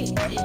Thank you.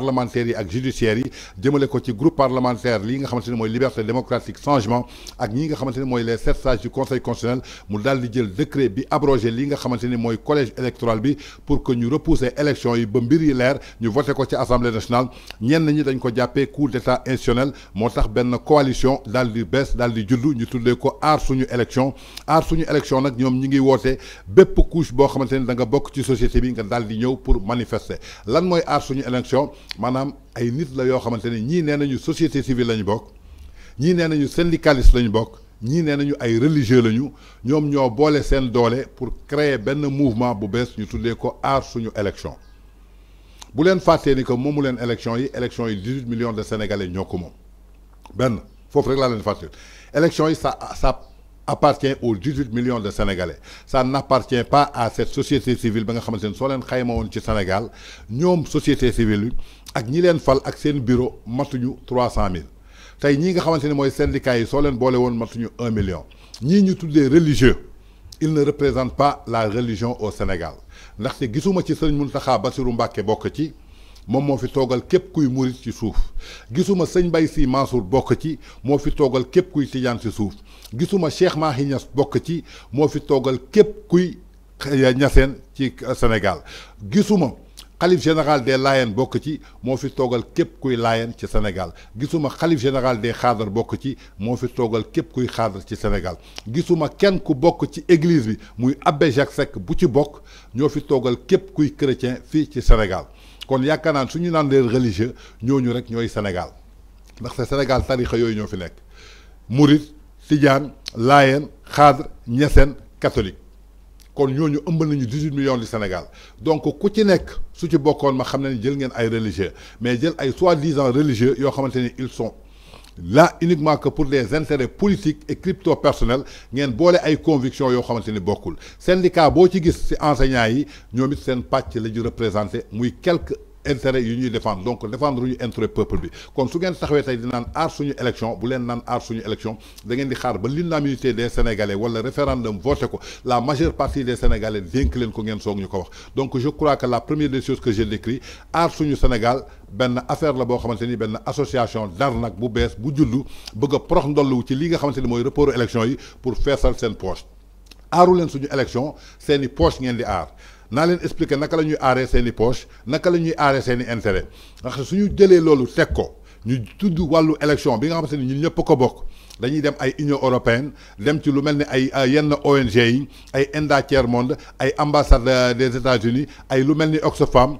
parlementaires et ak judiciaires côté groupe parlementaire ligne nga xamante ne liberté démocratique changement ak ñi nga xamante les sept sages du conseil constitutionnel mu daal di décret bi abroger li nga xamante collège électoral bi pour que nous repousser élection et ba mbir yi leer ñu voté ko ci assemblée nationale ñenn ñi dañ ko jàppee coup d'état institutionnel moo ben coalition dans di bees daal di juddu ñu tuddee ko aar suñu élection aar suñu élection n'a ni ñi ngi woote bépp couche bo, xamante ni da nga bokk ci société bi nga pour manifester lan à son suñu élection manam ay nit la yo xamanteni ñi nenañu société civile lañu bok ñi nenañu nee nañu syndicaliste la ñu bokk ñii ay religieux lañu ñom ñoom ñoo boole seen doole pour créer ben mouvement bu bees ñu tuddé ko aar suñu élection bu len faté ni ko momu len élection yi élection yi 18 millions de sénégalais ñoo mom ben fofu rek la len faté élection yi ça ça appartient aux 18 millions de Sénégalais. Ça n'appartient pas à cette société civile ba nga xamante ne soo leen xayma ci Sénégal ñoom société civile et ak ñi leen fal ak seen bureau matuñu 300000 tey ñii nga xamante ne les syndicats yi soo leen 1 million. ñii tous des religieux ils ne représentent pas la religion au Sénégal ndaxte que ci sëñ Mountakha Bassirou Mbacké bokk ci. mom mo fi togal képp kuy murit ci souf gisuma sëñ Bay Si Mansour bokk ci mo fi togal képp kuy tidiane ci souf gisuma Cheikh Mahi bokk ci moo fi toogal képp kuy ñaseen ci Sénégal gisuma xalif général des Layènes bokk ci moo fi toogal képp kuy Layène ci Sénégal gisuma xalif général des xaadar bokk ci moo fi toogal képp kuy xaadar ci Sénégal gisuma kenn ku bokk ci église bi muy abbé Jacques Seck bu ci bokk ñoo fi toogal képp kuy chrétien fii ci Sénégal kon yaakaar naan su ñu naan leen religieux ñooñu rek ñooy Sénégal ndax Sénégal tarixa yooyu ñoo fi nekk murit tijaan laayeen a ñeseen catholique kon ñooñu eu nañu dix millions du Sénégal donc ku ci que su ci est ma xam ma femme jël ngeen ay religieux mais jël ay soi-disant religieux yoo xamante ni ils sont là uniquement que pour des intérêts politiques et crypto personnels ngeen boole ay convictions yoo xamante ni bokkul syndicat beaucoup ci gis ci enseignants yi ñoom it seen pàcc la ñu représenter muy quelque intérêt yu ñuy défendre donc défendre ñu intérêt peuple bi kon su ngeen taxawee tay di naan aar suñu élection bu len nan ar suñu élection da ngeen di xaar ba l'unanimité des sénégalais wala référendum voté ko la majeure partie des sénégalais viennent leen ko ngeen soog ñu wax donc je crois que la première des choses que j'ai décrit ar suñu Sénégal ben affaire la bo xamanteni ni ben association d'arnaque bu bout bu loup bëgg a prox ndollu ci li nga xamanteni moy report élection yi pour faire sen poche à rouler suñu élection seeni poche ngeen di ar naa expliquer naka la ñuy aaree seen i poche naka la ñuy aaree seen i intérêt ndax suñu jëlee loolu teg ko ñu tudd wàllu élection bi nga xamante ni ñun ñëpp ko bokk dañuy dem ay Union européenne dem ci lu melni ay yenn ONG yi ay Enda Tiers Monde ay ambassade des États-Unis ay lu melni Oxfam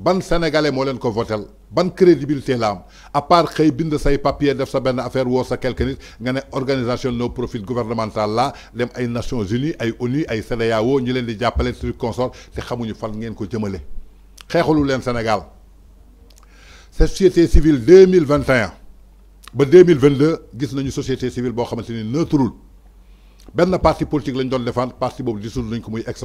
ban sénégalais mo len ko votel ban crédibilité la am à part xëy bind say papier def sa ben affaire wo sa quelque nit nga ne organisation no profit gouvernemental la dem ay Nations Unies ay ONU ay CEDEAO ñu len di jappalé sur consort te xamuñu fal ngeen ko jëmale xeexalu len Sénégal société civile 2021. ba 2022 gis nañu société civile bo xamanteni neutrul parti politique lañ doon défendre parti boobu dissoudre nañ ko muy ex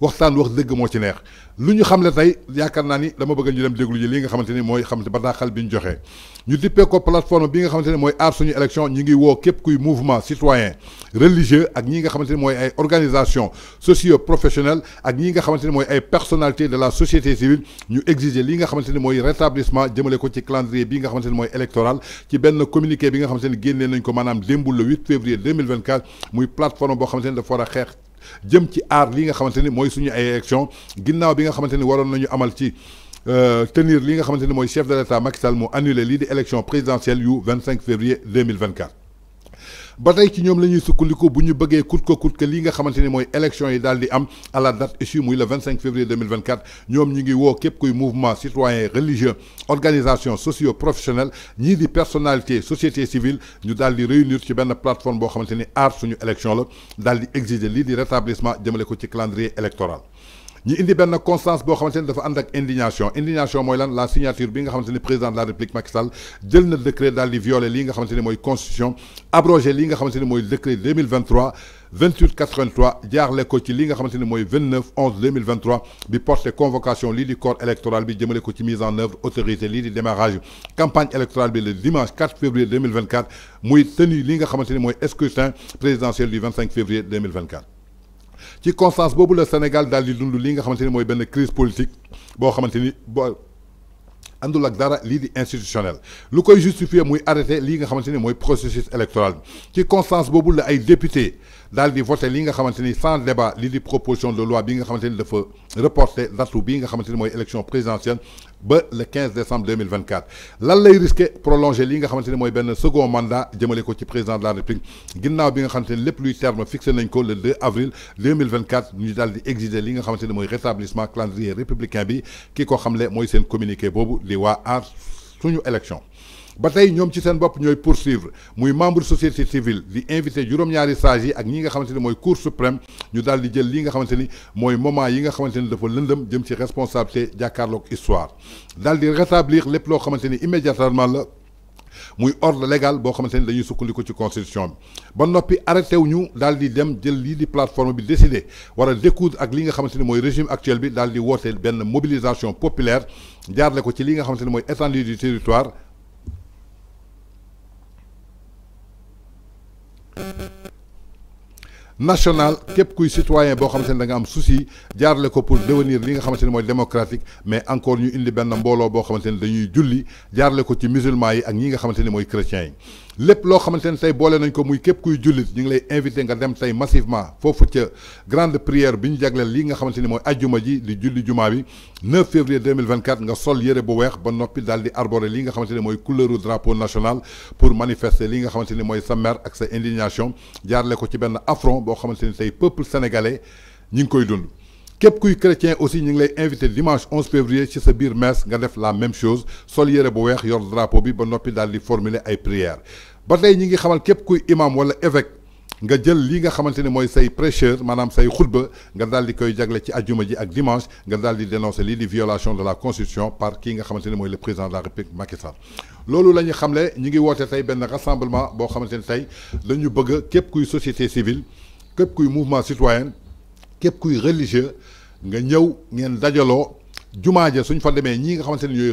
waxtaan wax dëgg moo ci neex lu ñu xam le tey yaakaar naa ni dama bëgg ñu dem déglu ji li nga xamante ni mooy xamante xal bi ñu joxee ñu dippee ko plateforme bi nga xamante ni mooy aar suñu élection ñi ngi woo képp kuy mouvement citoyen religieux ak ñi nga xamante ni mooy ay organisation socio professionnelle ak ñi nga xamante ni mooy ay personnalité de la société civile ñu exiger li nga xamante ni mooy rétablissement jëmale ko ci calendrier bi nga xamante ni mooy électoral ci benn communiqué bi nga xamante ni génnee nañ ko maanaam démbul le 8 février 2024 muy plateforme boo xamante ni dafa war a xeex jëm ci aar li nga xamante ni mooy suñu élection ginnaaw bi nga xamante ni waroon nañu amal ci euh, tenir li nga xamante ni chef de l' état Macky Sall annulé lii di élection présidentielle yu 25 février 2024 ba tey ci ñoom la ñuy sukkandiku bu ñu bëggee coûte que coûte que lii nga xamante ni élection yi daal am à la date issue muy le 25 février 2024 nous ñu ngi woo képp kuy mouvement citoyen religieux organisation socio professionnelle ni di personnalité société civile ñu daal réunir ci benn plateforme pour xamante ni aar suñu élection la exiger lii di rétablissement jëmale ko calendrier électoral nous indi une constance pour xamanteni indignation indignation moy la signature bi président de la république Macky Sall décret dal di violer li nga xamanteni constitution abroger li nga xamanteni décret 2023 28 83 jaarle ko ci li nga 29 11 2023 bi porter convocation du corps électoral bi jëmele ko ci mise en œuvre autorité li di démarrage campagne électorale le dimanche 4 février 2024 muy tenu li nga xamanteni moy présidentiel du 25 février 2024 ci constance boobu le Sénégal dal di dund li nga xamanteni moy mooy benn crise politique bo xamanteni bo boo ak dara li di institutionnel lu koy justifier muy arrêté li nga xamanteni moy processus électoral ci constance boobu la ay députés daal di voté li nga xamanteni sans débat li di proposition de loi bi nga xamanteni ni dafa reporter datu bi nga xamanteni moy élection présidentielle ba le 15 décembre 2024 lan lay risqué prolonger li nga xamanteni moy ben second mandat jëmele ko ci président de la république ginnaw bi nga xamanteni lepp luy terme fixé nañ ko le 2 avril 2024 ñu daal di exiger li nga xamanteni moy rétablissement calendrier républicain bi ki ko xamle mooy seen communiqué bobu li wa ar suñu élection ba tey ñoom ci seen bop ñoy poursuivre muy membre société civile di invité jurom ñaari sage ak ñi nga xamanteni moy cour suprême ñu dal di jël li nga xamanteni moy moment yi nga xamanteni dafa lëndëm jëm ci responsabilité jakarlok histoire dal di rétablir lepp lo xamanteni immédiatement la muy ordre légal bo xamanteni dañuy sukkuliko ci constitution ba nopi arrêté wu ñu daal di dem jël li di plateforme bi décidé war découdre ak li nga xamanteni moy régime actuel bi dal di woote ben mobilisation populaire jaarle ko ci li nga xamanteni moy étendue du territoire national képp kuy citoyen boo xamante ne da nga am souci jaarale ko pour devenir li nga xamante ne mooy démocratique mais encore ñu indi benn mbooloo boo xamante ne dañuy julli jaarale ko ci musulman yi ak ñi nga xamante ne mooy chrétiens yi lepp loo xamante ne tey boole nañ ko muy képp kuy jullit ñu ngi lay invité nga dem tey massivement foofu ca grande prière bi ñu jagleel lii nga xamante ni mooy ajjuma ji di julli juma bi 9 février 2024 nga sol yére bu weex ba noppi daal di arboré lii nga xamante ni mooy couleuru drapeau national pour manifester li nga xamante ni mooy sa mer ak sa indignation jaarale ko ci benn affront boo xamante ni tey peuple sénégalais ñi ngi koy dund képp kuy chrétien aussi ñu ngi lay invité dimanche 11 février ci ce bir mes nga def la même chose sol yére bu yor drapeau bi ba nopi dal di formuler ay prières Batay tey ñi ngi xamal képp kuy imam wala évêque nga jël li nga xamante ne mooy say prêcheur manam say xutba nga dal di koy jagle ci ajjuma ji ak dimanche nga dal di dénoncer li di violation de la constitution par ki nga xamante ne le président de la république Macky Sall loolu la ñu xamle ñu ngi woote tey benn rassemblement boo xamante ne tey bëgg képp kuy société civile képp kuy mouvement citoyen képp kuy religieux nga ñëw ngeen dajaloo suñ fa nga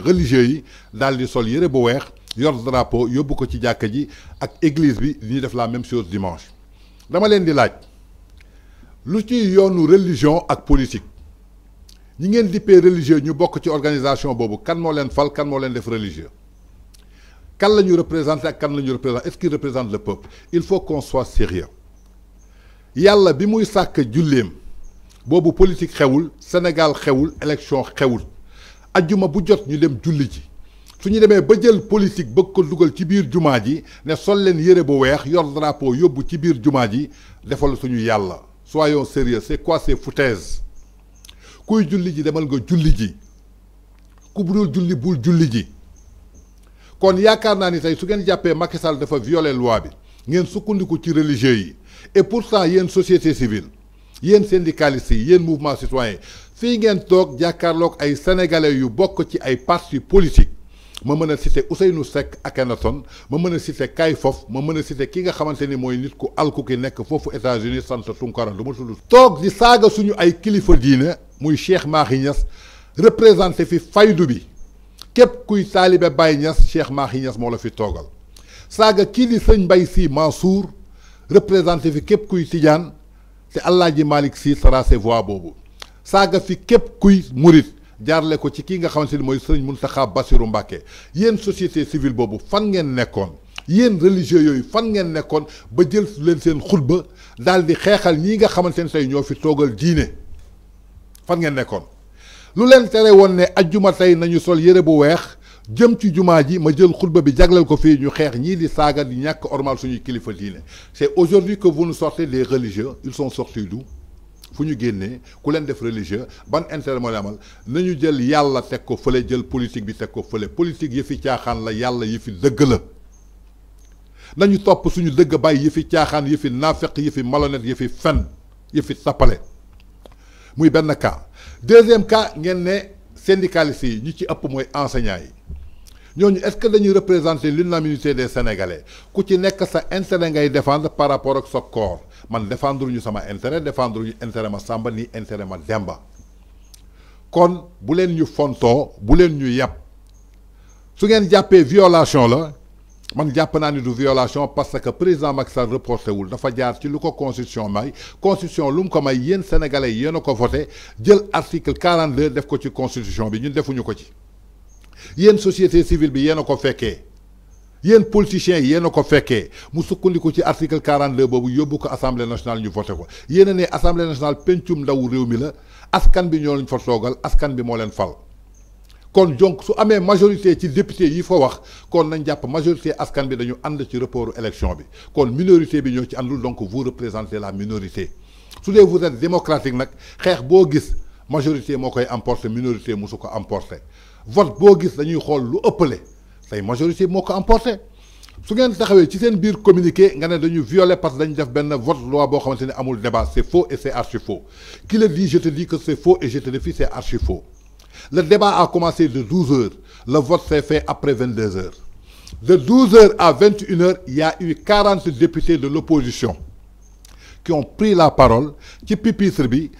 religieux yi daal sol ils bu weex yor drapeau ci ji ak église bi la même chose dimanche dama leen di laaj lu ci yoonu religion ak politique ñi religieux ñu ci organisation boobu kan moo leen fal kan moo leen def religieux kan est-ce qu'il représente le peuple il faut qu'on soit sérieux yàlla bi muy du julleem bobu politique xewul Sénégal xewul élection xewul aljuma bu jot ñu dem julli ji suñu démé ba jël politique bëkk ko dugal ci biir jumaa ji ne sol leen yére bu wéx yor drapeau yóbbu ci biir jumaa ji defal suñu yàlla soyons sérieux c'est quoi ces foutaises kuy julli ji demal nga julli ji ku bu dul julli bul julli ji kon yaakaar naa ni tey su ngeen jàppee Macky Sall dafa violer loi bi ngeen sukkandiku ci religieux yi et pourtant yéen société civile yéen syndicalistes yi yéen mouvement citoyen fii ngeen tok jakarlok ay sénégalais yu bok ci ay partis politiques ma meuna a citer Ousseynou Seck Akhenaton ma meuna a citer Kay Fof ma meuna a citer ki nga xamanteni moy nit ku alku ki nek fofu États-Unis sante Tunkara lu ma tudd. toog di saga suñu ay kilifa diine muy Cheikh Mahi Niass représenté fi faydu bi kep kuy taalibe Baye Niass Cheikh Mahi Niass la fi togal saga ki di seigne Mbaye si Mansour représenté fi kep kuy tidiane te Alaaji Malick Sy tracé voie boobu saaga fi képp kuy murit jaarle ko ci kii nga xamante ni mooy sëriñ Mountakha Bassirou Mbacké yéen société civile boobu fan ngeen nekkoon yéen religieux yooyu fan ngeen nekkoon ba jël leen seen xutba daal di xeexal ñii nga xamante ne tey ñoo fi toogal diine fan ngeen nekkoon lu leen tere woon ne ajjuma tey nañu sol yére bu weex jëm ci ji ma jël bi jaglal ko fii ñu xeex ñii li saga di ñàkk ormal suñu kilifa c'est aujourd'hui que vous nous sortez les religieux ils sont sortis d'où fu ñu génnee ku leen def religieux ban intérêt moo amal nañu jël yàlla teg ko fële jël politique bi teg ko fële politique yëfi caaxaan la yàlla yëfi dëgg la nañu topp suñu dëgg bàyyi yëfi caaxaan yëfi yëfi malonet yëfi fen yëfi muy benn cas deuxième cas ngeen ne syndicalistes yi ñu ci ëpp mooy enseignants yi ñooñu est-ce que dañuy représenter l'unanimité des sénégalais ku ci nekk sa intérêt ngay défendre par rapport ak sa corps man défendre ñu sama intérêt défendre ñu intérêt ma Samba ni intérêt ma Demba kon bu leen ñu fonto bu leen ñu yàpp su ngeen jàppee violation la man jàpp naa ni du violation parce que président Macky Sall reporté wul dafa jaar ci luko constitution may constitution lu ko may yéen sénégalais yéen a ko voté jël article 42 def ko ci constitution bi ñun defuñu ko ci yéen société civile bi yéen il ko féké yéen politiciens yi a ko féké mu sukkuliko ci article 42 bobu yobbu ko assemblée nationale ñu voté ko yéen a assemblée nationale pencum ndaw réew mi la askan bi ñoo leen fa toogal askan bi mo len fal kon donc su amé majorité ci député yi fo wax kon nañ japp majorité askan bi dañu and ci report élection bi kon minorité bi ñoo ci àndul donc vous représentez la minorité su vous êtes démocratique nak xex bo gis majorité moo koy minorité mosu ko emporté vote bo gis dañuy xol lu ëppalé say majorité moko ko su ngeen taxawé ci seen biir communiqué nga ne dañu violer parce que dañu def ben vote loi bo xamante amul débat c'est faux et c'est archi faux qui le dit je te dis que c'est faux et je te défie c'est archi faux le débat a commencé de 12 heures. Le vote s'est fait après 22 h De 12 h à 21 h il y a eu 40 députés de l'opposition qui ont pris la parole qui pipi bi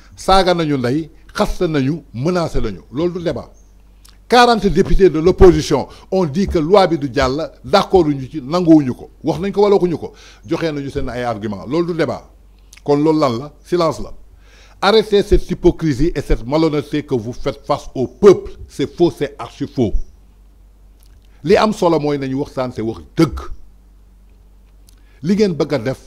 nañu du débat 40 députés de l'opposition ont dit que loi bi d'accord nous. d'accorduñu ci Nous ko wax nañ ko avec ko joxe nañu nous ay argument du débat kon sommes silence là. Arrêtez cette hypocrisie et cette malhonnêteté que vous faites face au peuple c'est faux c'est archi faux Les am solo c'est wax dëgg li ngeen def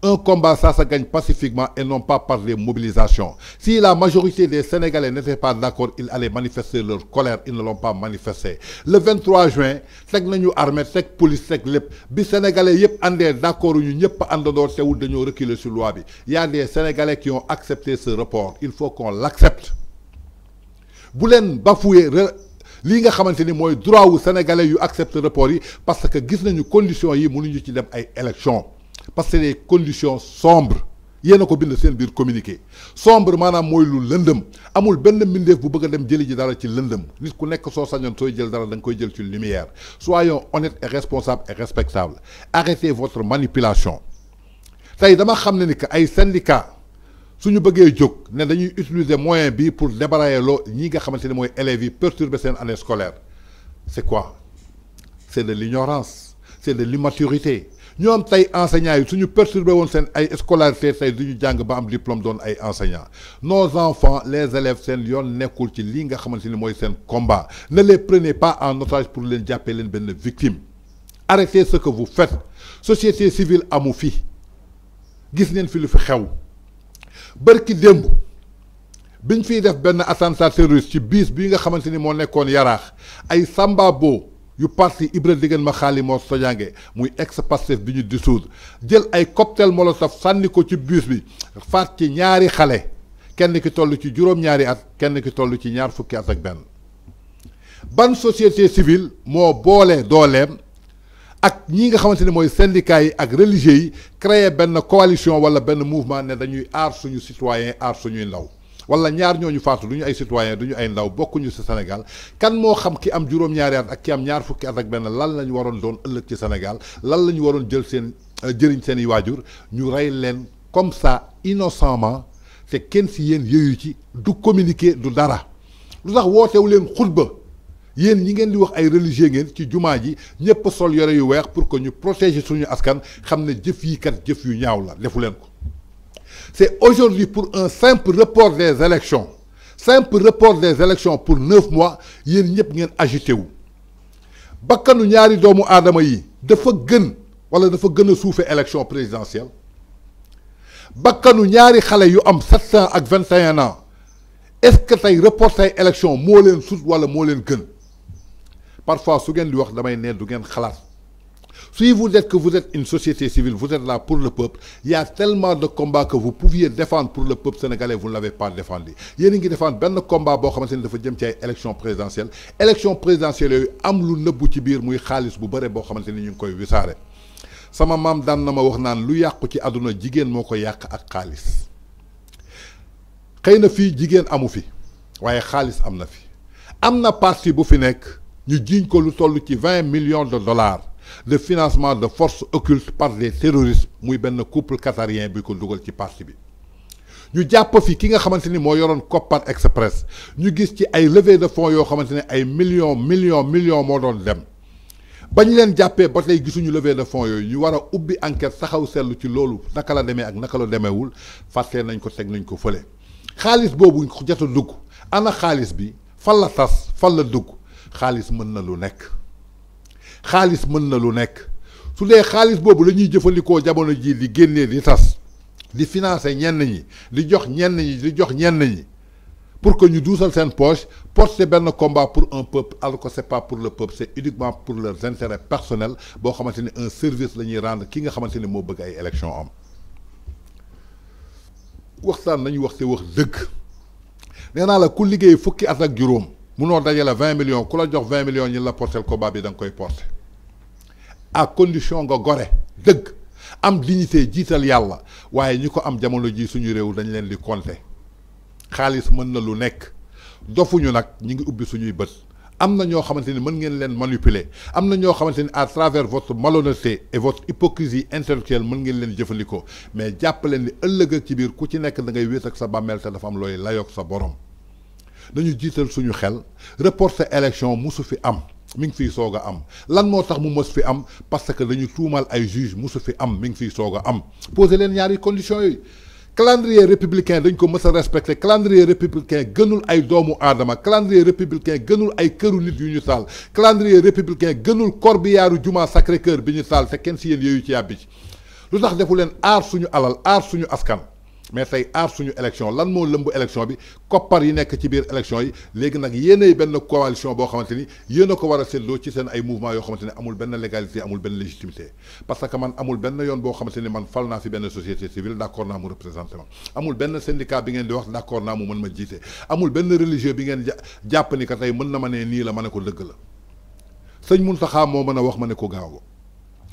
un combat, ça se gagne pacifiquement et non pas par des mobilisations. Si la majorité des Sénégalais n'étaient pas d'accord, ils allaient manifester leur colère, ils ne l'ont pas manifesté. Le 23 juin, c'est que nous armés, c'est que police, c'est que les Sénégalais sont d'accord, ils sont d'accord, c'est où nous reculer sur loi. Il y a des Sénégalais qui ont accepté ce report. Il faut qu'on l'accepte. Boulen bafoué li nga xamante ni droit aux sénégalais acceptent le report parce que gis nañu conditions yi mënuñu ci parce que conditions sombres en a ko bind sen bir communiquer. sombre manam moy lu lëndëm amul ben mindeef bu bëgg dem jëli ji dara ci lëndëm nit ku nekk so sañon sooy jël dara dang koy jël ci lumière soyons honnêtes et responsables et respectables arrêtez votre manipulation tay dama xam ni que ay syndicats suñu bëggee jóg né dañuy utiliser moyen bi pour débrayer lo ñi nga xamanteni moy mooy élèves yi perturber sen année scolaire c'est quoi c'est de l'ignorance c'est de l'immaturité ñoom tey enseignants yi suñu perturbé woon seen ay scolarité tey du ñu jàng ba am diplôme doon ay enseignant nos enfants les élèves seen yoon nekkul ci lii nga xamante ni mooy seen combat ne les prenez pas en otage pour leen jàppee leen benn victime arrêtez ce que vous faites société civile amu fi gis neen fi lu fi xew barki démb biñ fiy def benn attentat terroriste ci bis bi nga xamante ni moo nekkoon yaraax ay sambabo yu parti Ibra Déguène ma xaali moo sojange muy ex Pastef bi ñu dissoudre jël ay cocktail molotov sani ko ci bus bi fat ci ñaari xalé kenn ki tollu ci juróom-ñaari at kenn ki tollu ci ñaar fukki at ak ben ban société civile mo bolé dolem ak ñi nga xamante moy syndicat yi ak religieux yi créer ben coalition wala ben mouvement né dañuy aar suñu citoyen aar suñu law wala ñaar ñooñu faatu du ay citoyen duñu ay ndaw bokkuñu ci Sénégal kan moo xam ki am juróom-ñaari at ak ki am ñaar fukki at ak benn lan la ñu waroon doon ëllëg ci senegal lan la ñu waroon jël seen euh, jëriñ seen i waajur ñu rey leen comme ça innocemment te kenn ci yéen yëyu ci du communiquer du dara lu tax wootewu leen xutba yéen ñi ngeen di wax ay religieux ngeen ci jumaa ji ñëpp sol yore yu weex pour que ñu protéger suñu askan xam ne jëf yi kat jëf yu ñaaw la defu leen ko c'est aujourd'hui pour un simple report des élections simple report des élections pour neuf mois yéen ñep ngeen agité wu bakkanu ñaari doomu adama yi dafa gën wala dafa gën a élection présidentielle bakkanu ñaari xalé yu am sept ak ans est-ce que tey reporter élection mo leen sout wala mo leen gën parfois su ngeen di wax damay ne du ngeen xalaat si vous êtes que vous êtes une société civile, vous êtes là pour le peuple, il y a tellement de combats que vous pouviez défendre pour le peuple sénégalais, vous ne l'avez pas défendu. Yéen ngi défendre benn combat boo xamante ni dafa jëm ci ay élection présidentielle élection présidentielle yooyu am lu nëbbu ci biir muy xaalis bu bare boo xamante ñu ngi koy sama mam daan na ma wax naan lu yaq ci aduna jigen moko yaq ak khalis xeyna fi jigen amu fi waye khalis am na fi amna parti bu fi nek ñu jiñ ko lu toll ci 20 millions de dollars le financement de forces occultes par des terroristes muy ben couple qatarien bi ko qui ci parti bi ñu japp fi ki nga xamanteni mo yoron yoroon Express ñu gis ci ay levée de fonds yo xamanteni ay millions millions millions mo doon dem ba leen jappé ba de fonds yoy ñu wara a ubbi enquête saxaw seetlu ci lolu naka la ak naka la qui nañ ko nañ ko dugg ana xaliss bi la tas la na xaalis mën na lu nekk su dee xaalis boobu la ñuy jëfandikoo jamono jii di génnee di tas di financer ñenn ñi di jox ñenn ñi di jox ñenn ñi pour que ñu duusal seen poche porter benn combat pour un peuple alors que c'est pas pour le peuple c'est uniquement pour leurs intérêts personnels boo xamante ni un service la ñuy rendre ki nga xamante ni moo bëgg ay élections am waxtaan nañu wax te wax dëgg nee naa la ku liggéey fukki at ak juróom munoo 20 millions kula jox 20 millions ñi la portel combat bi da à condition nga goré deug am dignité jiital yalla waaye ñi am jamono ji suñu dañ leen di mën lu nekk dofuñu ñi ngi suñuy leen manipuler à travers votre malhonnêteté et votre hypocrisie intellectuelle mën ngeen mais jàpp ni ëllëg ak ci ku ci da ngay ak dañu jiital suñu xel reporter élection musu fi am mi ngi fiy am lan tax mu parce que dañu tuumal ay juge musu fi am mi ngi fiy soog am conditions yi calendrier républicain dañ ko mës a calendrier républicain gënul ay doomu aadama calendrier républicain gënul ay këru nit calendrier républicain juma Sacré-Cœur bi taal est kenn si ci ci defu suñu alal suñu askan mais tey aar suñu élection lan moo lëmb élection bi koppar yi nekk ci biir élection yi léegi nag yéenay benn coalition boo xamante ni yéen a ko war a seetloo ci seen ay mouvement yoo xamante ne amul benn légalité amul benn légitimité parce que man amul benn yoon boo xamante ni man fal naa fi benn société civile d' accord naa mu représenté ma amul benn syndicat bi ngeen di wax d' accord naa mu mën ma jiite amul benn religieux bi ngeen jàpp ni que tey mën na ma ne nii la ma ne ko dëgg la sëñ Mountakha moo mën a wax ma ne ko gaaw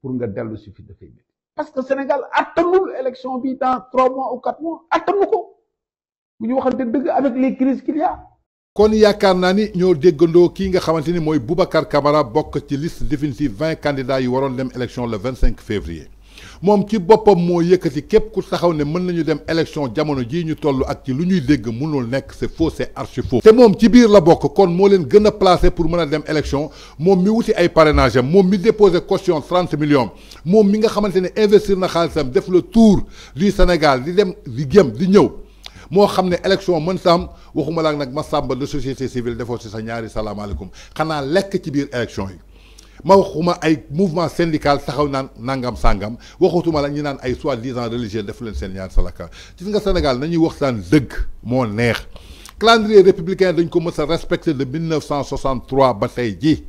pour nga delu le fi fay parce que Sénégal élection dans trois mois ou quatre mois Attends. ko avec les crises qu'il y a Camara liste définitive vingt candidats yi élection le 25 février mom ci bopam mo yëkëti képp ku taxaw ne mën nañu dem élection jamono ji ñu tollu ak ci lu ñuy dégg mënul nekk c'est faux c'est archi faux te moom ci biir la bokk kon mo leen gëna placer pour mëna dem élection mom mi wuti ay parrainage mom mi déposé caution 30 millions mom mi nga xamante ne investir na xaalisam def le tour du Sénégal di dem di gem di ñëw mo xamné élection mën sa waxuma la nak ma samba de société civile defo ci sa ñaari salam alaykum xana lek ci biir élection yi ma waxuma ay mouvement syndical taxaw nan nangam sangam waxatuma la ñi nan ay soit disant religieux def leen sen ñaar salaka gis nga Sénégal nañuy waxtaan deug mo neex calendrier républicain dañ ko mësa respecter respecté de 1963 ba tey ji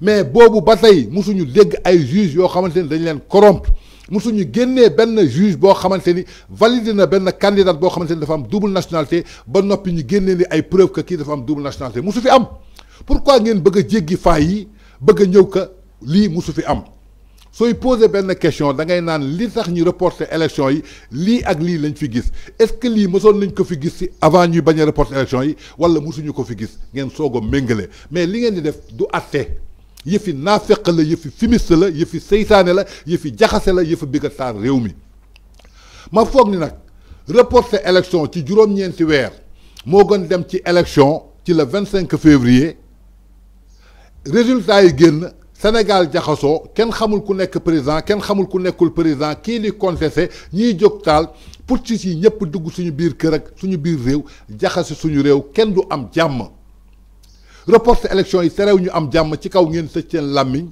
mais bobu ba tey musuñu dégg ay juge yo xamanteni dañ leen corrompre musuñu génné ben juge bo xamanteni ni validé na ben candidat bo xamanteni ni dafa am double nationalité ba nopi ñu génné ni ay preuve que ki dafa am double nationalité musu fi am pourquoi ngeen bëgg jéggi yi bëgg ñëw ka lii musu fi am sooy poser benn question da ngay naan li tax ñu reporter élection yi lii ak lii lañ fi gis est-ce que lii mësoon nañ ko fi gis si avant ñuy bañ a reporter élection yi wala musuñu ko fi gis ngeen soog a méngale mais li ngeen di def du atte yëfi naafeq la yëfi fimiste la yëfi seytaane la yëfi jaxase la yëfi bëgg a taar réew mi ma foog ni nag reporter élection ci juróom-ñeenti weer moo gën dem ci élection ci le 25 février résultat yi génn Sénégal jaxasoo kenn xamul ku nekk président kenn xamul ku nekkul président kii li contesté ñiy jóg taal pour ci si ñëpp dugg suñu biir kër ak suñu biir réew jaxase suñu réew kenn du am jàmm reporté élection yi terew ñu am jàmm ci kaw ngeen sëcc seen làmmiñ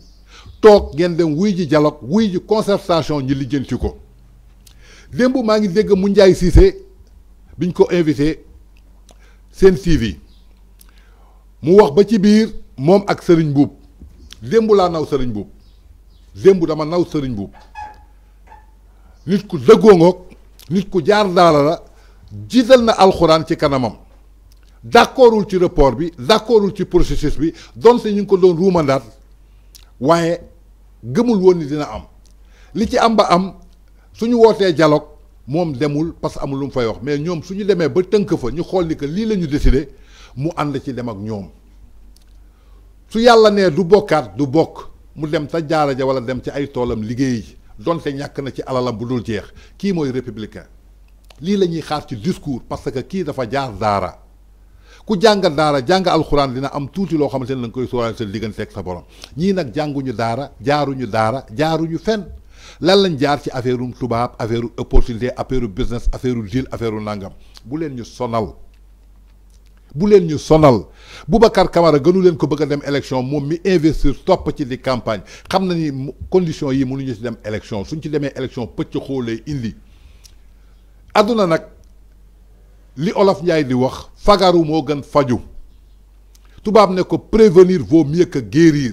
toog ngeen dem wuy ji dialogue wuy ji concertation ñi lijjanti ko démb maa ngi dégg mu Ndiaye Cissé biñ ko invité seen TV mu wax ba ci biir. moom ak sëriñ buub démb laa naw sëriñ buub démb dama naw sëriñ buub nit ku dëggoo ngoog nit ku jaar daara la jiital na alxuraan ci kanamam d'accordul ci rapport bi d'accordul ci processus bi donte ñu ngi ko doon ruumandaat waaye gëmul woon ni dina am li ci am ba am suñu wootee dialogue moom demul parce que amul lu mu fay wax mais ñoom suñu demee ba tënk fa ñu xool ni que lii la ñu mu ànd ci dem ak ñoom su yàlla nee du bokkaat du bokk mu dem ta jaara ja wala dem ci ay toolam liggéey donte ñàkk na ci alalam bu dul jeex kii mooy républicain lii la ñuy xaar ci discours parce que kii dafa jaar daara ku jàng daara jàng alxuraan dina am tuuti loo xamante ne la nga koy sóoraale sa diggante ak sa borom ñii nag jànguñu daara jaaruñu daara jaaruñu fenn lan lañ jaar ci affaire um tubaab affaire opportunité affaire business affaire deal affaire nangam bu leen ñu sonal. bu ñu sonal Boubacar Kamara, gënu leen ko bëgg dem élection moom mi investir topp ci de campagne xam ni condition yi mënuñu ci dem élection suñ ci demee élection pëcc xoolee indi Aduna nak, li Olaf Njaay di wax fagaru mo gën faju Tubab ne ko prévenir vaut mieux que guérir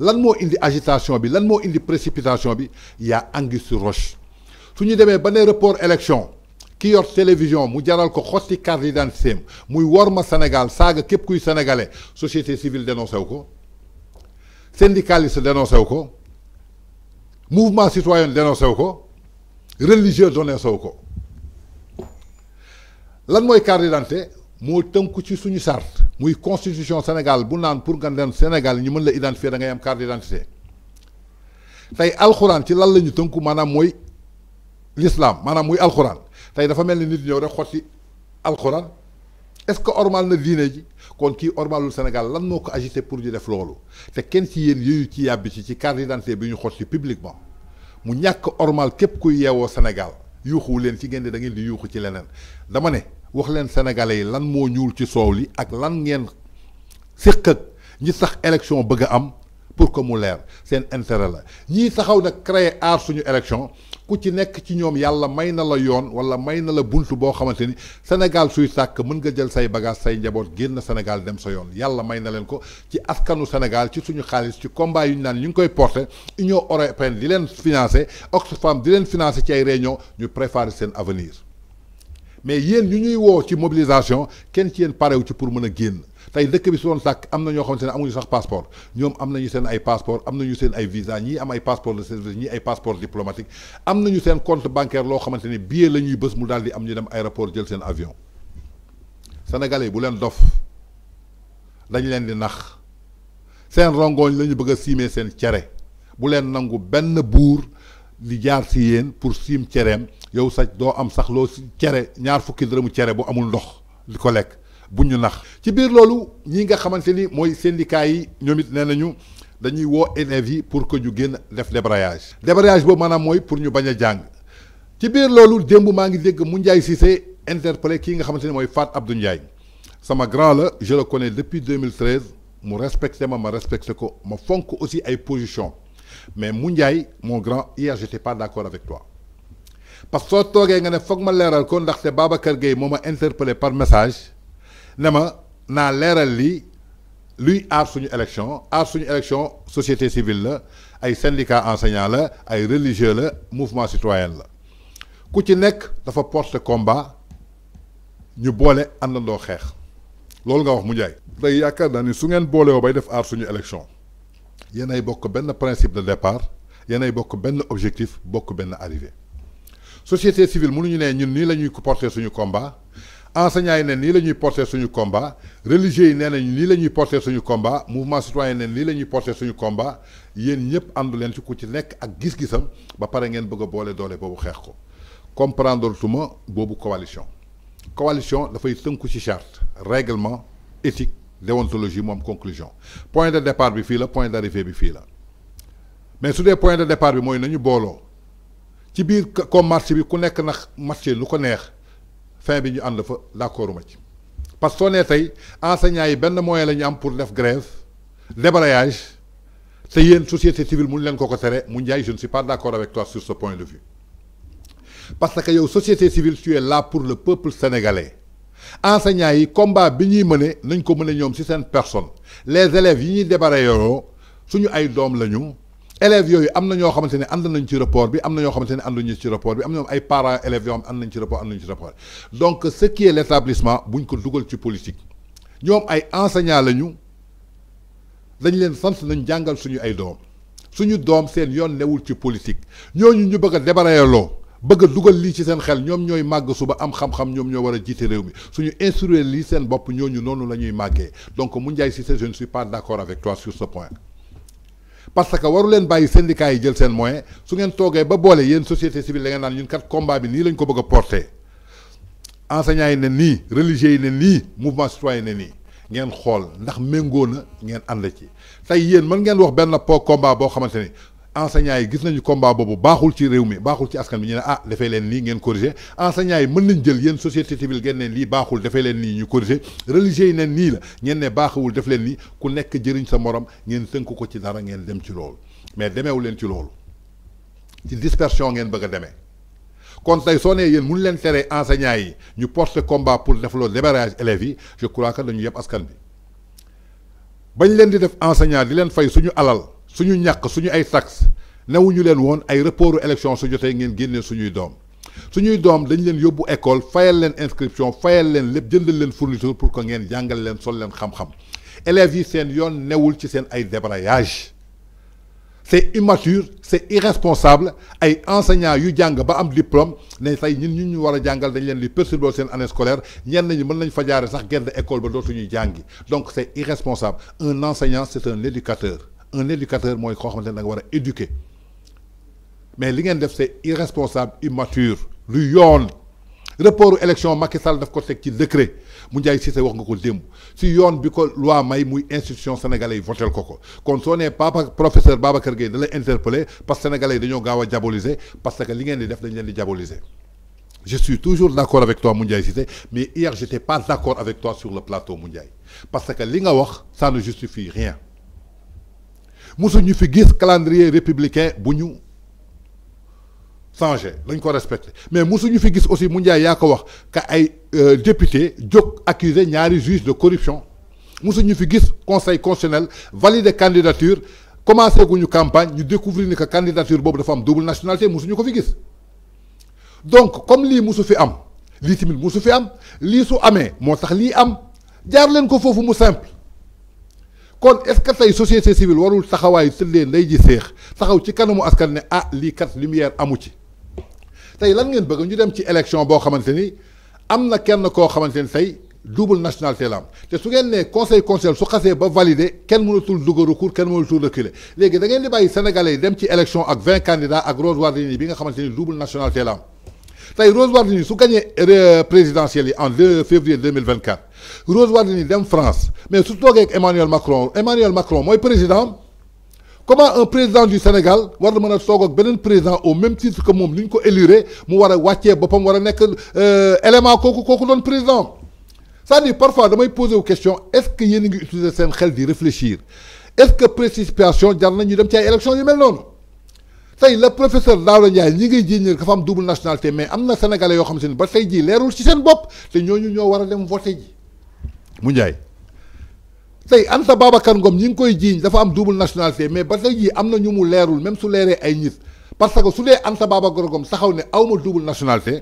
lan mo indi agitation bi lan mo indi précipitation bi y a anguille roche suñu démé demee ba ne report élection ki yor télévision mu jaral ko xoti carte d'identité muy worma Sénégal saga képp kuy sénégalais société civile dénoncé ko syndicaliste dénoncé ko mouvement citoyen dénoncé ko religieux dénoncé ko lan moy carte d'identité moo tënku ci suñu charte muy constitution Sénégal bu naan pour nga dem Sénégal ñi mën la identifier da am carte d'identité tey alxuraan ci lan la ñu tënku maanaam mooy l'islam maanaam muy alxuraan tey dafa mel ni nit ñëw rek xotti alxuraan est-ce que ormal na diine ji kon kii ormalul Sénégal lan moo ko agité pour ñu def loolu te kenn ci yéen yooyu ci yàbbi ci ci carte d'identité bi ñu xotti publiquement mu ñàkk ormal képp kuy yeewoo Sénégal yuuxu leen ci ngeen di da ngeen di yuuxu ci leneen dama ne. wax leen sénégalais yi lan moo ñuul ci soow li ak lan ngeen séq ak ñi sax élection bëgg am pour que mu leer seen intérêt la ñii taxaw nag créer aar suñu élection ku ci nekk ci ñoom yàlla may na la yoon wala may na la bunt boo xamante ni Sénégal suy sàkk mën nga jël say bagage say njaboot génn Sénégal dem sa yoon yàlla may na leen ko ci askanu Sénégal ci suñu xaalis ci combat yu ñu naan ñu ngi koy porté Union européenne di leen financé Oxfam di leen financé ci ay réunion ñu préparer seen avenir mais yéen ñu ñuy woo ci mobilisation kenn ci yéen parewu ci pour mën a génn tey dëkk bi su doon sàkk am na ñoo xamante ne amuñu sax passeport ñoom am nañu seen ay passeport am nañu seen ay visa ñii am ay passeport de service ñii ay passeport diplomatique am nañu seen compte bancaire loo xamante ne billet la ñuy bës mu daal di am ñu dem aéroport jël seen avion sénégalais bu leen dof dañ leen di nax seen rongooñ la ñu bëgg a siimee seen cere bu leen nangu benn buur di jaar si yéen pour siim cereem yow sax do am sax lo si cere ñaar fukki dërëmu cere bu amul ndox di ko lekk bu nax ci biir loolu ñi nga xamanteni ni mooy syndicat yi ñoom it dañuy woo élèves pour que ñu génn def débrayage débrayage boobu maanaam mooy pour ñu bañ a jàng ci biir loolu démb maa ngi dégg mu Ndiaye Cissé interpellé kii nga xamante ni mooy Fat Abdou Ndiaye sama grand la je le connais depuis 2013 mu respecté ma ma respecté ko ma fonk aussi ay position mais mu Ndiaye mon grand hier j'étais pas d'accord avec toi parce que toi, toogee nga ne foog ma leeral ko ndaxte Babacar Gueye moo ma interpellé par message nema na naa li lui luy suñu élection aar suñu élection société civile la ay syndicat enseignant la ay religieux la mouvement citoyen la ku ci nek dafa porte combat ñu and lo xeex loolu nga wax mu jaay day yakar dañ ni su ngeen boolewoo bay def aar suñu élection yéenay bokk ben principe de départ yéenay bokk ben objectif bokk ben arrivée société civile mënuñu ne ñun ni lañuy porter suñu combat enseignants né ne lañuy porter suñu combat religieux né nañ nañu nii la porter suñu combat mouvement citoyen ne ni lañuy porter suñu combat yeen ñëpp andu len ci ku ci nekk ak gis-gisam ba pare ngeen bëgg boole doole bobu xex ko comprendre tuma bobu coalition. coalition fay tënku ci charte règlement éthique déontologie mom conclusion point de départ bi fi la point d'arrivée bi fi la mais sur des points de départ bi moy nañu booloo ci biir comme marché bi ku nekk nag marché lu ko neex fin bi ñu ànd fa d'accordu ma ci parce que soo nee tey enseignants yi benn moyen la ñu am pour def grève débrayage te yéen société civile mun leen ko ko tere mu njaay je ne suis pas d'accord avec toi sur ce point de vue parce que yow société civile tu es là pour le peuple sénégalais enseignants yi combat bi ñuy mëne nañ ko mëne ñoom ci seen personne les élèves yi ñuy débarayoo suñu ay doom lañu élèves yooyu am na ñoo xamante ne ànd nañ ci rapport bi am na ñoo xamante ne ànduñu ci rapport bi am na ay parents élèves yoo xam ànd nañ ci rapport ànduñu ci rapport donc ce qui est l' établissement buñ ko dugal ci politique ñoom ay enseignants lañu dañ leen sant nañ jàngal suñu ay doom suñu doom seen yoon newul ci politique ñooñu ñu bëgg a débarayaloo bëgg a dugal lii ci seen xel ñoom ñooy màgg suba am xam-xam ñoom ñoo war a jiite réew mi suñu instruire lii seen bopp ñooñu noonu la ñuy màggee donc Moundiaye si je ne suis pas d' accord avec toi sur ce point parce que waru len baye syndicat yi jël sen moyen su ngeen toogee ba boole yeen société civile da ngeen nan ñun kat combat bi ni lañ ko bëgg a porter enseignants yi ne ni religieux yi ne ni mouvement citoyen yi ne ni ngeen xol ndax méngoo na ngeen and ci tay yeen man ngeen wax benn po combat bo xamanteni enseignants yi gis nañu combat bobu baxul ci réew mi baaxul ci askan bi ñu ah defee len ni ngeen corriger enseignants yi mën nañ jël yeen société civile ngeen ne baxul baaxul len ni ñu corriger religieux yi ne nii la ñen né baaxawul def len ni ku nekk jëriñ sa morom ngeen tënk ko ci dara ngeen dem ci lool mais demeewu leen ci lool ci dispersion ngeen bëgg démé kon tay soné yeen yéen mënu leen tere enseignants yi ñu porter combat pour def lo libérage élèves yi je crois que dañu yeb askan bi bañ len di def enseignants di len fay suñu alal suñu ñàkk suñu ay tax newuñu leen woon ay reportu élection su jotee ngeen génnee suñuy doom suñuy doom dañ leen yóbbu école fayal leen inscription fayal leen lépp jëndal leen fourniture pour que ngeen jàngal leen sol leen xam-xam élèves yi seen yoon newul ci seen ay débrayage c'est immature c'est irresponsable ay enseignant yu jàng ba am diplôme ne tey ñun ñu ñu war a jàngal dañ leen di perturber seen année scolaire ñenn ñi mën nañ fa jaare sax genn école ba dootuñuy jàngi donc c'est irresponsable un enseignant c'est un éducateur un éducateur moi, koo xamante qu'on da nga éduquer mais li ngeen def c'est irresponsable immature lui yoon reportu élection Macky Sall daf ko tek ci décret Moundiaye Cissé wax nga ko démb si yoon bi ko loi may muy institution sénégalais yi votel ko kon soné pas, papa professeur Babacar Gueye da lay interpeller parce que sénégalais yi gawa diaboliser parce que li ngeen di def dañ leen di diaboliser je suis toujours d'accord avec toi Moundiaye Cité, mais hier j'étais pas d'accord avec toi sur le plateau Moundiaye parce que li nga wax ça ne justifie rien mosuñu fi gis calendrier républicain bu ñu changé dañ ko respecté mais mosuñu fi gis aussi mu njaay qui wax ka ay euh, député accusé ñaari juge de corruption mosuñu fi gis conseil constitutionnel valider candidature commencé une campagne ñu découvrir ni la candidature de dafa femme double nationalité nous ko fi gis donc comme lii mosu fi am lii tamit mosu fi am lii su amee moo tax lii am jaar leen ko mu simple kon est-ce que tey société civile warul taxawaayu tëddeen lay ji xeex taxaw ci kanamu askan ne ah li kat lumière amu ci tay lan ngeen bëgg ñu dem ci élection bo xamanteni amna kenn ko xamanteni tay double nationalité la am te su ngeen ne conseil conseil su xasse ba valider kenn mënu tul dugg recours kenn mënu tul reculer légui da ngeen di bàyyi sénégalais dem ci élection ak 20 candidats ak Rose Wardini bi nga xamanteni double nationalité la am. tay Rose Wardini su gagné euh, présidentielle en 2 février 2024, Rose Wardini dem France mais su togué avec Emmanuel Macron Emmanuel Macron moi président comment un président du Sénégal war na mën ak benen président au même titre que moom li ko élire mu wara waccé bopam wara nek euh élément koku koku doon président c'est-à-dire parfois damay poser aux question est-ce que y a ngi utiliser sen xel di réfléchir est-ce que précipitation jar na ñu dem ci ay élections yu mel noonu. tey la professeur la Ndiaye ñi ngi jiiñ dafa am double nationalité mais am na sénégalais yoo xam si ne ba tey jii leerul ci seen bopp te ñooñu ñoo war a dem voté ji mu Ndiaye tey Anta Babacar Ngom ñi ngi koy jiiñ dafa am double nationalité mais ba tey jii am na ñu mu leerul même su leeree ay nit parce que su dee Anta Babacar Ngom taxaw ne awma double nationalité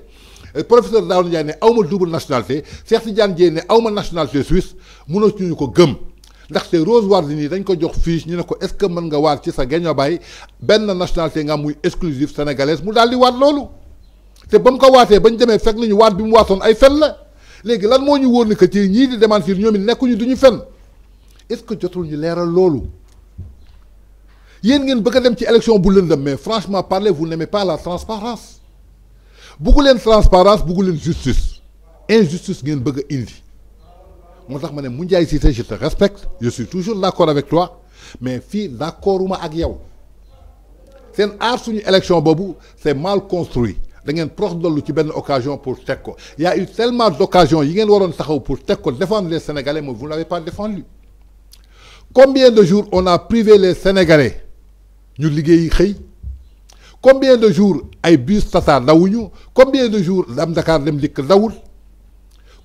eh, professeur Daouda Ndiaye ne awma double nationalité Cheikh Tidiane Dièye ne awma nationalité suisse mënatuñu ko gëm ndax ndaxte Rose ni dañ ko jox fiche ñu ne ko est-ce que mën nga war ci sa geño bay ben nationalité nga muy exclusive sénégalaise mu daldi di waat té te ko waté bañ démé fek nañu waat bi mu waatoon ay fen la légui lan moo ñu wóor ni que ci ñi di démentir ñoom ñomi nekkuñu du ñu fen est-ce que jotul ñu leeral loolu yéen ngeen bëgg dem ci élection bu lëndëm mais franchement parler vous n'aimez pas la transparence buggu leen transparence buggu leen justice injustice ngeen bëgg indi je te respecte je suis toujours d'accord avec toi mais je suis ou avec yow C'est une élection c'est c'est mal construit Il proche occasion pour Il y a eu tellement d'occasions pour défendre les sénégalais mais vous ne l'avez pas défendu combien de jours on a privé les sénégalais ñu combien de jours ay bus Tata combien de jours am Dakar dem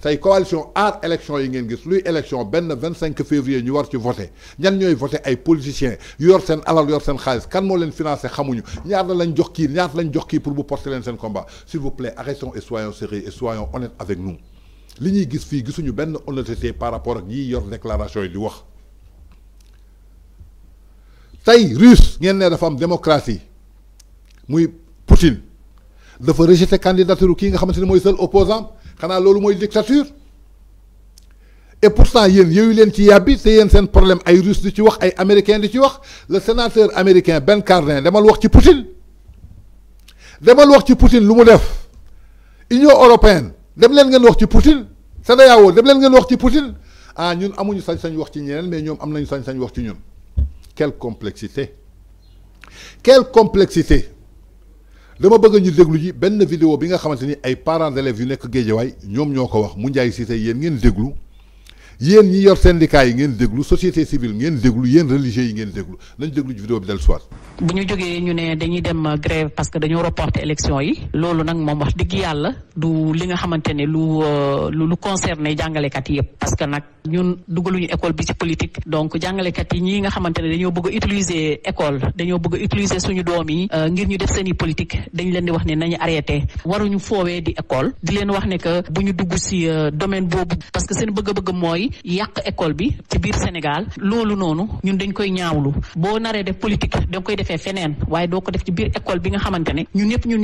tey coalition aar élection yi ngeen gis luy élection benn 25 février ñu war ci voté ñan ñooy voté ay politiciens yu yor seen alal yor seen xaalis kan moo leen financé xamuñu ñaata lañ jox kii ñaar lañ jox kii pour bu porter leen seen combat s'il vous plaît arrêtons et soyons sérieux et soyons honnêtes avec nous li ñuy gis fii gisuñu benn honnêteté par rapport ak ñiy yor déclaration yi di wax tey russe ngeen ne dafa am démocratie muy Poutine dafa rejeté candidature ki nga xamante ne mooy seul opposant xanaa loolu mooy dictature et pourtant yéen yooyu leen ci yàbbi te yéen seen problème ay russe di ci wax ay américain di ci wax le sénateur américain Ben Cardin demal wax ci Poutine demal wax ci Poutine lu mu def Union européenne dem leen ngeen wax ci Poutine CEDEAO dem leen ngeen wax ci Poutine ah ñun amuñu sañ-sañ wax ci ñeneen mais ñoom am nañu sañ-sañ wax ci ñun quelle complexité quelle complexité dama bëgg ñu déglu ji benn vidéo bi nga xamante ni ay parents d'élèves yu nekk géejawaay ñoom ñoo ko wax mu njaay si tey yéen ngeen déglu yéen ñi yor syndicat yi ngeen déglu société civile ngeen déglu yéen religieux yi ngeen déglu nañ déglu ci vidéo bi del soir bu ñu jógee ñu ne dañuy dem grève parce que dañoo reporter élection yi loolu nag moom wax dëgg yàlla du li nga xamante ne lu euh, lu lu concerné jàngalekat yi yëpp parce que nag ñun dugaluñu école bi ci politique donc jàngalekat yi ñii nga xamante ne dañoo bëgg a utiliser école dañoo bëgg a utiliser suñu doom yi euh, ngir ñu def seen i politique dañ leen di wax ne nañu arrêté waruñu foowee di école di leen wax ne que bu ñu dugg si euh, domaine boobu parce que seen bëgg-bëgg mooy mooy yàq école bi ci biir Sénégal loolu noonu ñun dañ koy ñaawlu boo naree def politique danga koy defee feneen waaye doo ko def ci biir école bi nga xamante ñun ñëpp ñu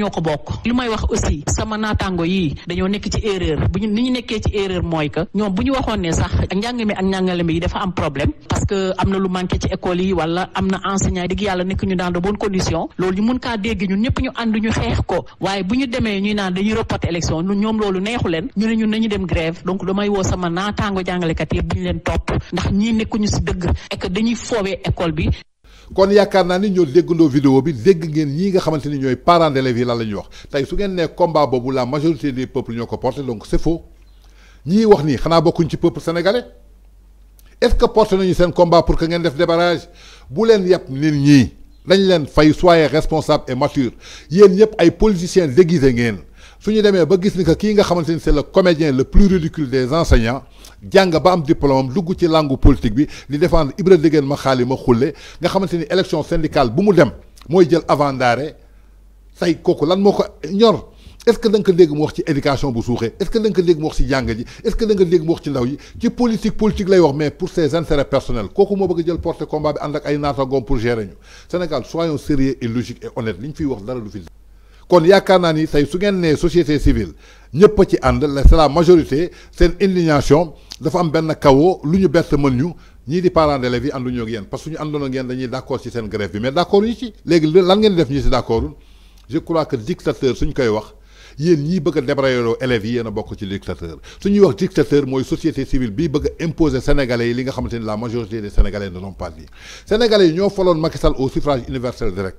ni ñu nekkee ci loolu ñu mën kaa dégg ñun ñëpp ñu ànd ñu xeex ko waaye bu ñu demee ñuy ñun nañu dem grève donc damay woo sama naataango jàngale jàngalekat yi bu ñu leen topp ndax ñii nekkuñu si dëgg et que dañuy foowee école bi. kon yaakaar naa ni ñoo déggandoo vidéo bi dégg ngeen ñii nga xamante ni ñooy parents d'élèves yi lan la ñuy wax tey su ngeen nee combat boobu la majorité des peuples ñoo ko porté donc c'est faux ñii wax nii xanaa bokkuñ ci peuple sénégalais est-ce que porté nañu seen combat pour que ngeen def débarrage bu leen yàpp nit ñii dañ leen fay soyez responsable et mature yéen ñëpp ay politiciens déguisés ngeen su démé ba gis ni que ki nga xamanteni c'est le comédien le plus ridicule des enseignants jang ba am diplôme dugg ci langue politique bi li défendre Ibra Degen ma xaali ma nga xamanteni élection syndicale bu mu dem moy jël avant daare say koku lan moko ñor est-ce que da ko dégg mu wax ci éducation bu souxé est-ce que da ko dégg mu wax ci jàng ji est-ce que da ko dégg mu wax ci ndaw yi ci politique politique lay wax mais pour ses intérêts personnels koku mo bëgg jël porter combat bi ànd ak ay naataangoom pour gérer ñu Sénégal soyons sérieux et logique et honnête liñ fi wax dara du fi kon yaakaar naa ni tey su ngeen nee société civile ñepp ci ànd c'est la majorité seen indignation dafa am ben kawoo luñu ñu bett mën ñu ñii di parents d'élèves yi ñu ak parce que ñu àndoon ak yéen dañuy d'accord ci sen grève bi mais d'accord ñu ci légui lan ngeen def ñu ci d'accord je crois que dictateur suñ koy wax yéen ñi bëgg a débrayeroo élèves yi yéen a bokk ci dictateur suñu wax dictateur mooy société civile bi bëgg imposer sénégalais yi li nga xamante ni la majorité des sénégalais ne l'ont pas dit sénégalais yi ñoo faloon Macky Sall au suffrage universel direct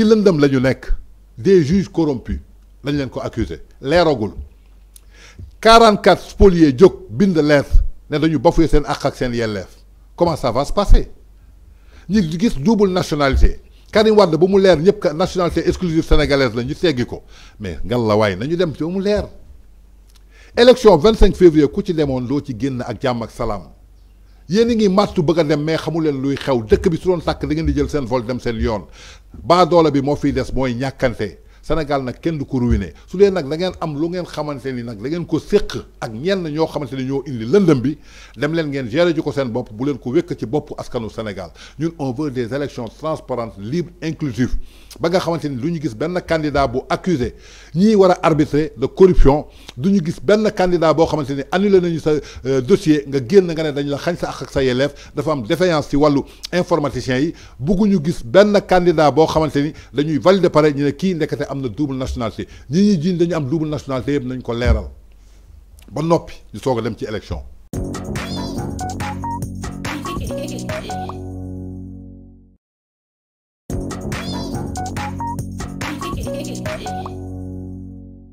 ci lëndëm la ñu des juges corrompus lañ leen ko accusé lérogul 44 spoliés jóg bind lettre né dañu bafoué sen ak ak à yelleef comment ça va se passer ñu gis double nationalité Karim Wade bu mu leer ñep ka nationalité exclusive sénégalaise la ñu teggi ko mais ngal la way nañu dem ci mu élection 25 février ku ci démon doo ci génn ak jàmm ak yéen a ngi màttu bëgg a dem mais xamu luy xew dëkk bi su doon sàkk da ngeen di jël seen vol dem seen yoon baa doole bi moo fiy des mooy ñàkkante Sénégal nak kenn du ko ruiné su dee nak da ngeen am lu ngeen xamante ni nag da ngeen ko sékk ak ñenn ño xamante ni indi lëndëm bi dem leen ngeen gérer ju ko seen bop bu leen ko wékk ci bop askanu Sénégal ñun on veut des élections transparentes libres inclusives ba nga xamante ni du gis ben candidat bu accusé ñi wara arbitrer de corruption duñu gis ben candidat bo xamante ni annulé nañu sa euh, dossier nga génn nga ne dañ la xañ sa ak sa yelleef dafa am défaillance ci walu informaticien yi bugguñu gis ben candidat bo xamante ni dañuy valider pare ñu ne ki ndekete am na double nationalité ñi ñuy jiiñ dañu am double nationalité yëpp nañ ko leeral ba noppi ñu soog a dem ci élection